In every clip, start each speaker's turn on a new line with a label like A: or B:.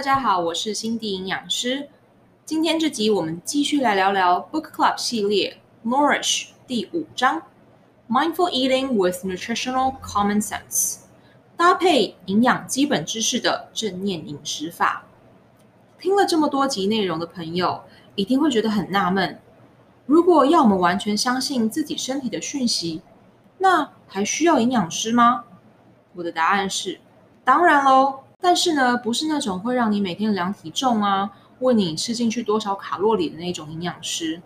A: 大家好，我是心地營養師。今天這集我們繼續來聊聊 Book Club 系列 Nourish 第五章 Mindful Eating with Nutritional Common Sense，搭配營養基本知識的正念飲食法。聽了這麼多集內容的朋友，一定會覺得很納悶：如果要我們完全相信自己身體的訊息，那還需要營養師嗎？我的答案是，當然嘍。但是呢，不是那種會讓你每天量體重啊、問你吃進去多少卡路里的那種營養師。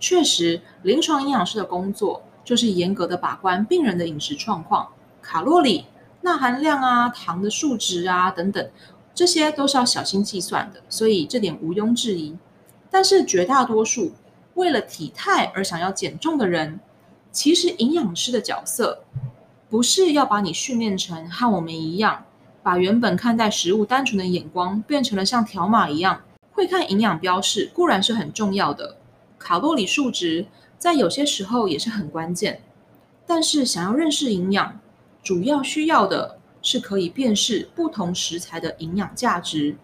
A: 確實，臨床營養師的工作就是嚴格的把關病人的飲食狀況、卡路里、鈉含量啊、糖的數值啊等等，這些都是要小心計算的，所以這點毋庸置疑。但是絕大多數為了體態而想要減重的人，其實營養師的角色不是要把你訓練成和我們一樣。把原本看待食物單純的眼光變成了像條碼一樣會看營養標示，固然是很重要的，卡路里數值在有些時候也是很關鍵。但是想要認識營養，主要需要的是可以辨識不同食材的營養價值，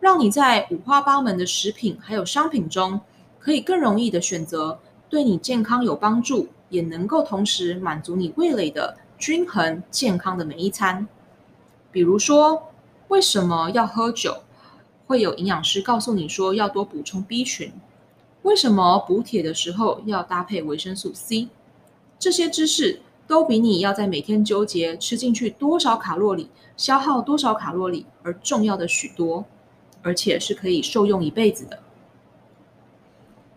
A: 讓你在五花八門的食品還有商品中，可以更容易的選擇對你健康有幫助，也能夠同時滿足你味蕾的均衡健康的每一餐。比如說，為什麼要喝酒？會有營養師告訴你說要多補充 B 群。為什麼補鐵的時候要搭配維生素 C？這些知識都比你要在每天糾結吃進去多少卡路里、消耗多少卡路里而重要的許多，而且是可以受用一輩子的。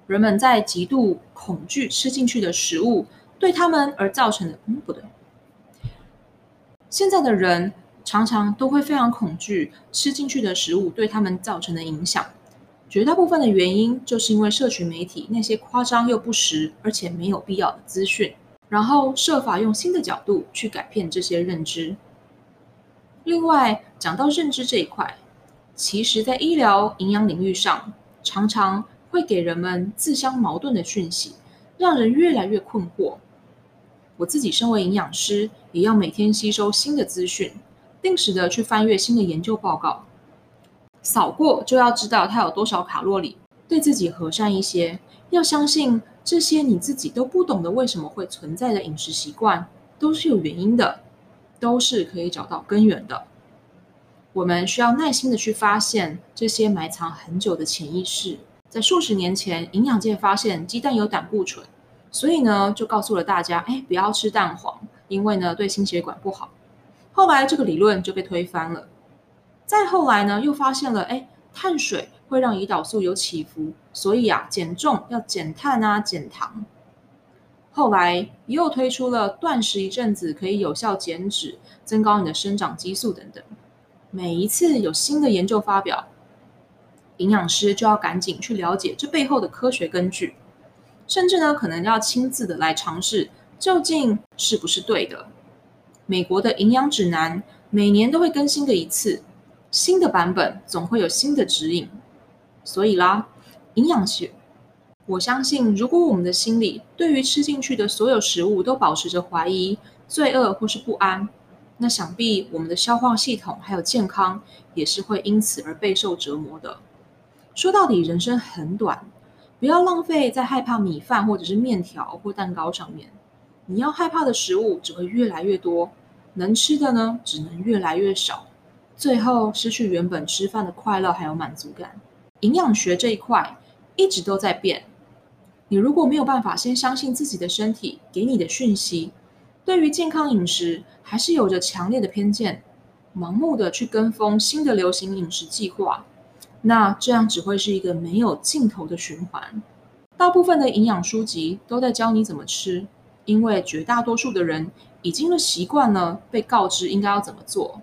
A: 人們在極度恐懼吃進去的食物對他們而造成的……嗯，不對，現在的人。常常都會非常恐懼吃進去的食物對他們造成的影響。絕大部分的原因就是因為社群媒體那些誇張又不實，而且沒有必要的資訊，然後設法用新的角度去改變這些認知。另外，講到認知這一塊，其實在醫療營養領域上，常常會給人們自相矛盾的訊息，讓人越來越困惑。我自己身為營養師，也要每天吸收新的資訊。定時的去翻閱新的研究報告，掃過就要知道它有多少卡路里。對自己和善一些，要相信這些你自己都不懂得為什麼會存在的飲食習慣，都是有原因的，都是可以找到根源的。我們需要耐心的去發現這些埋藏很久的潛意識。在數十年前，營養界發現雞蛋有膽固醇，所以呢，就告訴了大家，哎，不要吃蛋黃，因為呢，對心血管不好。後來這個理論就被推翻了，再後來呢，又發現了哎，碳水會讓胰島素有起伏，所以啊，減重要減碳啊，減糖。後來又推出了斷食一陣子可以有效減脂、增高你的生長激素等等。每一次有新的研究發表，營養師就要趕緊去了解這背後的科學根據，甚至呢，可能要親自的來嘗試，究竟是不是對的。美國的營養指南每年都會更新的一次，新的版本總會有新的指引。所以啦，營養學，我相信，如果我們的心裡對於吃進去的所有食物都保持着懷疑、罪惡或是不安，那想必我們的消化系統還有健康也是會因此而備受折磨的。說到底，人生很短，不要浪費在害怕米飯或者是麵條或蛋糕上面。你要害怕的食物只會越來越多，能吃的呢，只能越來越少，最後失去原本吃飯的快樂還有滿足感。營養學這一塊一直都在變，你如果沒有辦法先相信自己的身體給你的訊息，對於健康飲食還是有着強烈的偏見，盲目的去跟風新的流行飲食計劃，那這樣只會是一個沒有盡頭的循環。大部分的營養書籍都在教你怎麼吃。因為絕大多數的人已經的習慣了被告知應該要怎麼做，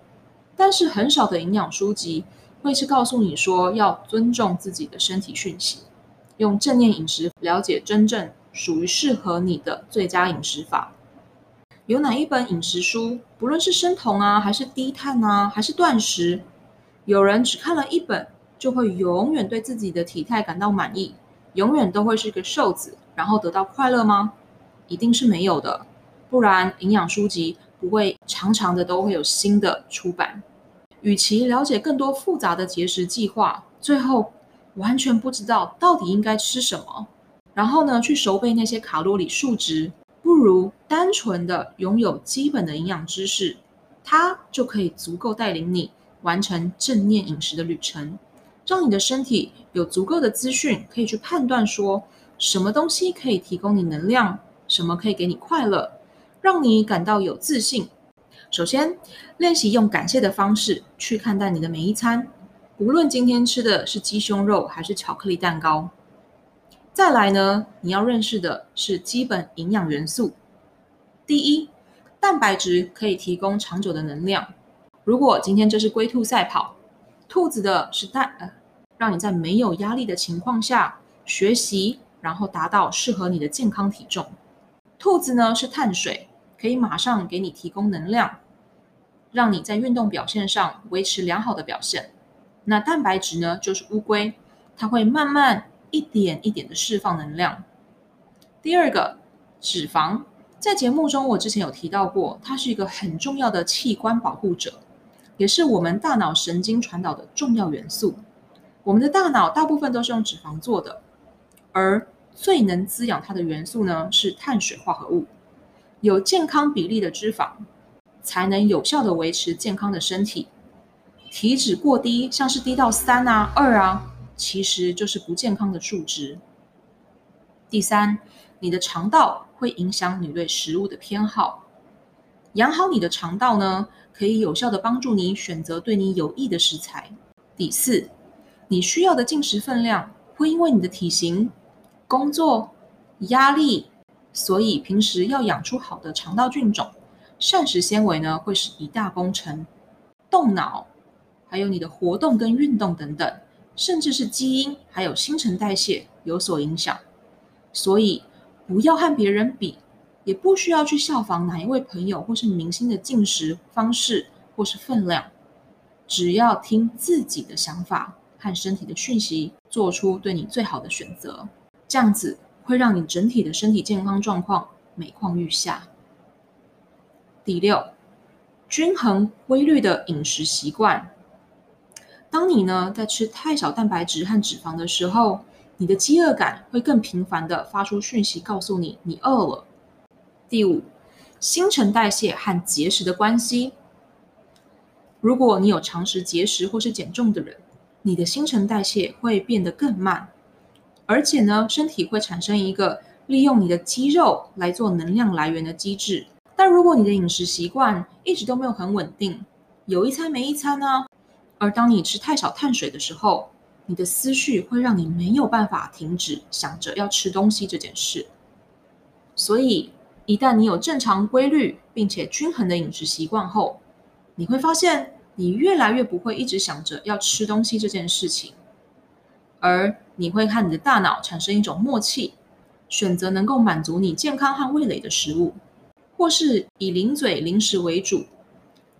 A: 但是很少的營養書籍會是告訴你說要尊重自己的身體訊息，用正念飲食了解真正屬於適合你的最佳飲食法。有哪一本飲食書，不論是生酮啊，還是低碳啊，還是斷食，有人只看了一本就會永遠對自己的體態感到滿意，永遠都會是個瘦子，然後得到快樂嗎？一定是沒有的，不然營養書籍不會常常的都會有新的出版。與其了解更多複雜的節食計劃，最後完全不知道到底應該吃什麼，然後呢，去熟背那些卡路里數值，不如單純的擁有基本的營養知識，它就可以足夠帶領你完成正念飲食的旅程，讓你的身體有足夠的資訊可以去判斷說，什麼東西可以提供你能量。什麼可以給你快樂，讓你感到有自信？首先，練習用感謝的方式去看待你的每一餐，無論今天吃的是雞胸肉還是巧克力蛋糕。再來呢，你要認識的是基本營養元素。第一，蛋白質可以提供長久的能量。如果今天這是龜兔賽跑，兔子的是蛋，呃，讓你在沒有壓力的情況下學習，然後達到適合你的健康體重。兔子呢，是碳水，可以馬上給你提供能量，讓你在運動表現上維持良好的表現。那蛋白質呢，就是烏龜，它會慢慢一點一點的釋放能量。第二個，脂肪。在節目中我之前有提到過，它是一個很重要的器官保護者，也是我們大腦神經傳導的重要元素。我們的大腦大部分都是用脂肪做的，而最能滋養它的元素呢是碳水化合物，有健康比例的脂肪才能有效的維持健康的身體。體脂過低，像是低到三啊、二啊，其實就是不健康的數值。第三，你的腸道會影響你對食物的偏好，養好你的腸道呢，可以有效的幫助你選擇對你有益的食材。第四，你需要的進食分量會因為你的體型、工作壓力，所以平時要養出好的腸道菌種，膳食纖維呢會是一大功臣。動腦，還有你的活動跟運動等等，甚至是基因還有新陳代謝有所影響。所以不要和別人比，也不需要去效仿哪一位朋友或是明星的進食方式或是分量，只要聽自己的想法和身體的訊息，做出對你最好的選擇。這樣子會讓你整體的身體健康狀況每況愈下。第六，均衡規律的飲食習慣。當你呢在吃太少蛋白質和脂肪的時候，你的飢餓感會更頻繁的發出訊息，告訴你你餓了。第五，新陳代謝和節食的關係。如果你有嘗試節食或是減重的人，你的新陳代謝會變得更慢。而且呢，身體會產生一個利用你的肌肉來做能量來源的機制。但如果你的飲食習慣一直都沒有很穩定，有一餐沒一餐呢、啊？而當你吃太少碳水的時候，你的思緒會讓你沒有辦法停止想着要吃東西這件事。所以，一旦你有正常規律並且均衡的飲食習慣後，你會發現你越來越不會一直想着要吃東西這件事情。而你會和你的大腦產生一種默契，選擇能夠滿足你健康和味蕾的食物，或是以零嘴零食為主。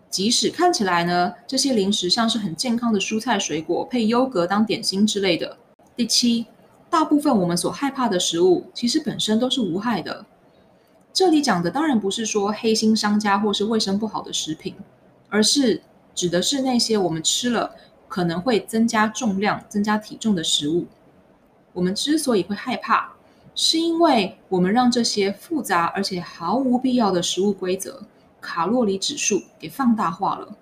A: 即使看起來呢，這些零食像是很健康的蔬菜水果配優格當點心之類的。第七，大部分我們所害怕的食物其實本身都是無害的。這裡講的當然不是說黑心商家或是衛生不好的食品，而是指的是那些我們吃了可能會增加重量、增加體重的食物。我們之所以會害怕，是因為我們讓這些複雜而且毫無必要的食物規則、卡路里指數給放大化了，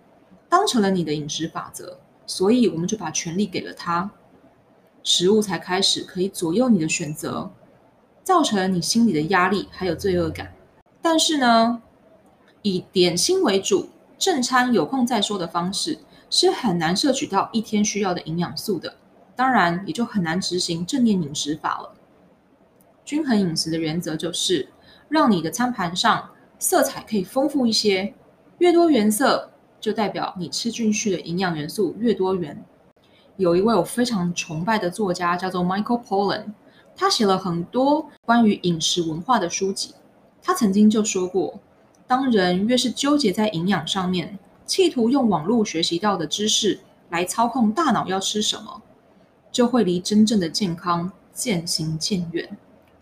A: 當成了你的飲食法則，所以我們就把權力給了它，食物才開始可以左右你的選擇，造成你心理的壓力還有罪惡感。但是呢，以點心為主，正餐有空再說的方式，是很難攝取到一天需要的營養素的。當然，也就很難執行正念飲食法了。均衡飲食的原則就是，讓你的餐盤上色彩可以豐富一些，越多顏色就代表你吃進去的營養元素越多元。有一位我非常崇拜的作家叫做 Michael Pollan，他寫了很多關於飲食文化的書籍。他曾經就說過，當人越是糾結在營養上面，企圖用網絡學習到的知識來操控大腦要吃什麼。就會離真正的健康漸行漸遠。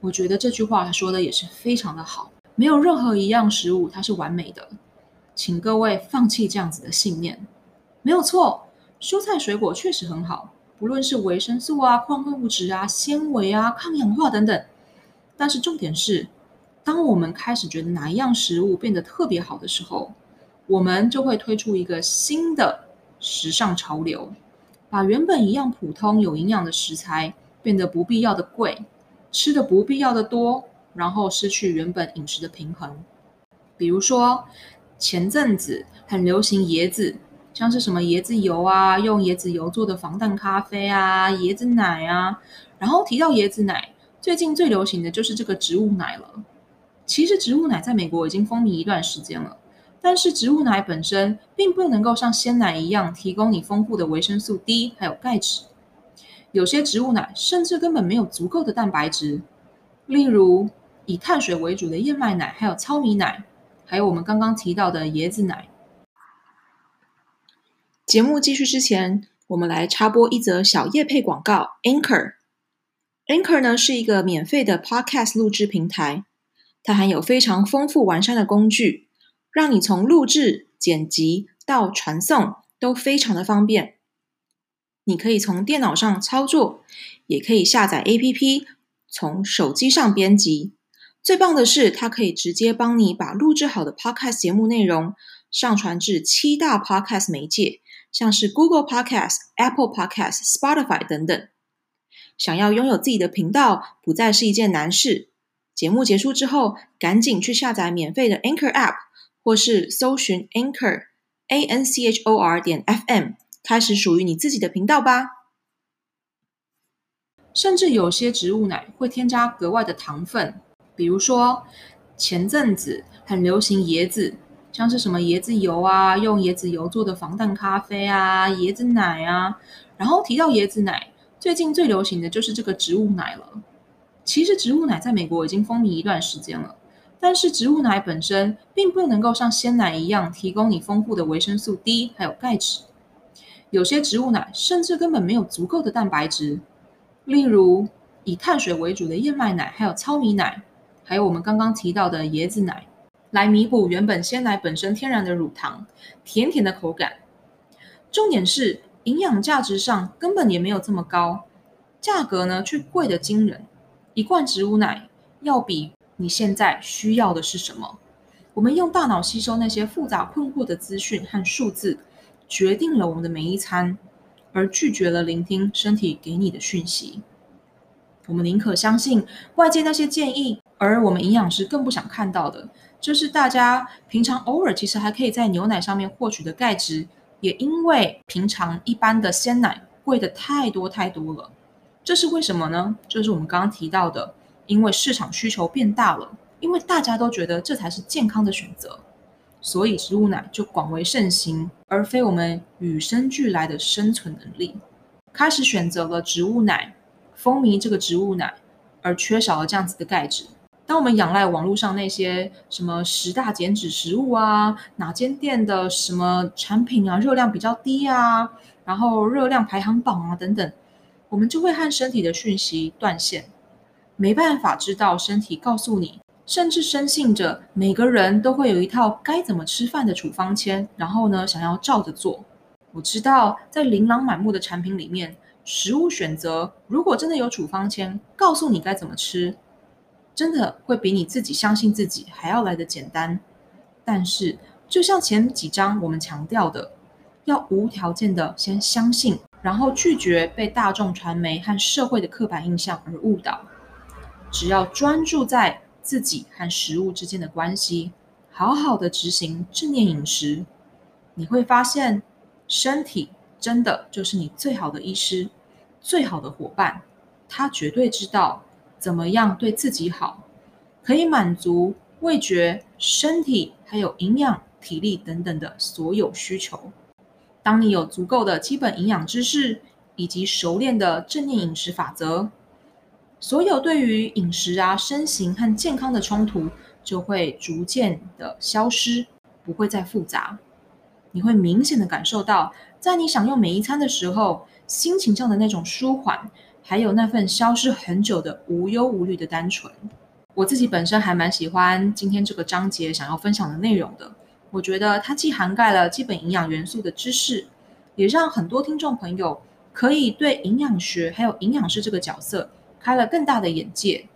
A: 我覺得這句話說的也是非常的好。沒有任何一樣食物它是完美的，請各位放棄這樣子的信念。沒有錯，蔬菜水果確實很好，不論是維生素啊、礦物質啊、纖維啊、抗氧化等等。但是重點是，當我們開始覺得哪一樣食物變得特別好的時候，我們就會推出一個新的時尚潮流。把原本一樣普通、有營養的食材變得不必要的貴，吃的不必要的多，然後失去原本飲食的平衡。比如說，前陣子很流行椰子，像是什麼椰子油啊，用椰子油做的防彈咖啡啊，椰子奶啊。然後提到椰子奶，最近最流行的就是這個植物奶了。其實植物奶在美國已經風靡一段時間了。但是植物奶本身並不能夠像鮮奶一樣提供你豐富的維生素 D 還有鈣質，有些植物奶甚至根本沒有足夠的蛋白質，例如以碳水為主的燕麥奶，還有糙米奶，還有我們剛剛提到的椰子奶。節目繼續之前，我們來插播一則小業配廣告。Anchor，Anchor Anchor 呢是一個免費的 Podcast 錄制平台，它含有非常豐富完善的工具。讓你從錄製、剪輯到傳送都非常的方便。你可以從電腦上操作，也可以下載 APP 從手機上編輯。最棒的是，它可以直接幫你把錄製好的 Podcast 節目內容上傳至七大 Podcast 媒介，像是 Google Podcast、Apple Podcast、Spotify 等等。想要擁有自己的頻道，不再是一件難事。節目結束之後，趕緊去下載免費的 Anchor App。或是搜尋 Anchor A N C H O R 點 F M，開始屬於你自己的頻道吧。甚至有些植物奶會添加格外的糖分，比如說前陣子很流行椰子，像是什麼椰子油啊，用椰子油做的防彈咖啡啊，椰子奶啊。然後提到椰子奶，最近最流行的就是這個植物奶了。其實植物奶在美國已經風靡一段時間了。但是植物奶本身並不能夠像鮮奶一樣提供你豐富的維生素 D 還有鈣質，有些植物奶甚至根本沒有足夠的蛋白質，例如以碳水為主的燕麥奶，還有糙米奶，還有我們剛剛提到的椰子奶，來彌補原本鮮奶本身天然的乳糖甜甜的口感。重點是營養價值上根本也沒有這麼高，價格呢卻貴得驚人，一罐植物奶要比。你現在需要的是什麼？我們用大腦吸收那些複雜困惑的資訊和數字，決定了我們的每一餐，而拒絕了聆聽身體給你的訊息。我們寧可相信外界那些建議，而我們營養師更不想看到的，就是大家平常偶爾其實還可以在牛奶上面獲取的鈣質，也因為平常一般的鮮奶貴得太多太多了。這是為什麼呢？就是我們剛剛提到的。因為市場需求變大了，因為大家都覺得這才是健康的選擇，所以植物奶就廣為盛行，而非我們與生俱來的生存能力。開始選擇了植物奶，風靡這個植物奶，而缺少了這樣子的鈣質。當我們仰賴網絡上那些什麼十大減脂食物啊，哪間店的什麼產品啊，熱量比較低啊，然後熱量排行榜啊等等，我們就會和身體的訊息斷線。沒辦法知道身體告訴你，甚至深信着每個人都會有一套該怎麼吃飯的處方簽，然後呢，想要照着做。我知道，在琳琅滿目的產品裡面，食物選擇如果真的有處方簽，告訴你該怎麼吃，真的會比你自己相信自己還要來得簡單。但是，就像前幾章我們強調的，要無條件的先相信，然後拒絕被大眾傳媒和社會的刻板印象而誤導。只要專注在自己和食物之間的關係，好好的執行正念飲食，你會發現，身體真的就是你最好的醫師、最好的夥伴。他絕對知道怎麼樣對自己好，可以滿足味覺、身體還有營養、體力等等的所有需求。當你有足夠的基本營養知識以及熟練的正念飲食法則。所有對於飲食啊、身形和健康的衝突，就會逐漸的消失，不會再複雜。你會明顯的感受到，在你享用每一餐的時候，心情上的那種舒緩，還有那份消失很久的無憂無慮的單純。我自己本身還蠻喜歡今天這個章節想要分享的內容的。我覺得它既涵蓋了基本營養元素的知識，也讓很多聽眾朋友可以對營養學還有營養師這個角色。開了更大的眼界，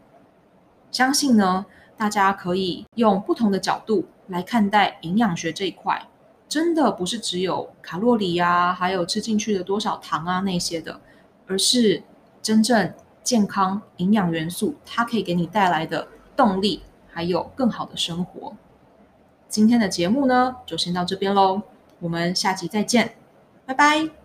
A: 相信呢，大家可以用不同的角度來看待營養學這一塊，真的不是只有卡路里啊，還有吃進去的多少糖啊那些的，而是真正健康營養元素，它可以給你帶來的動力，還有更好的生活。今天的節目呢，就先到這邊嘍，我們下期再見，拜拜。